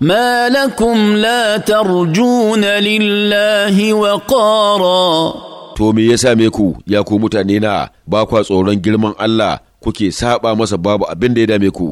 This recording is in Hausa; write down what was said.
ما لكم لا ترجون لله وقارا to me ya same ku ya ku mutane na ba kwa tsoron girman Allah kuke saba masa babu abin da ya dame ku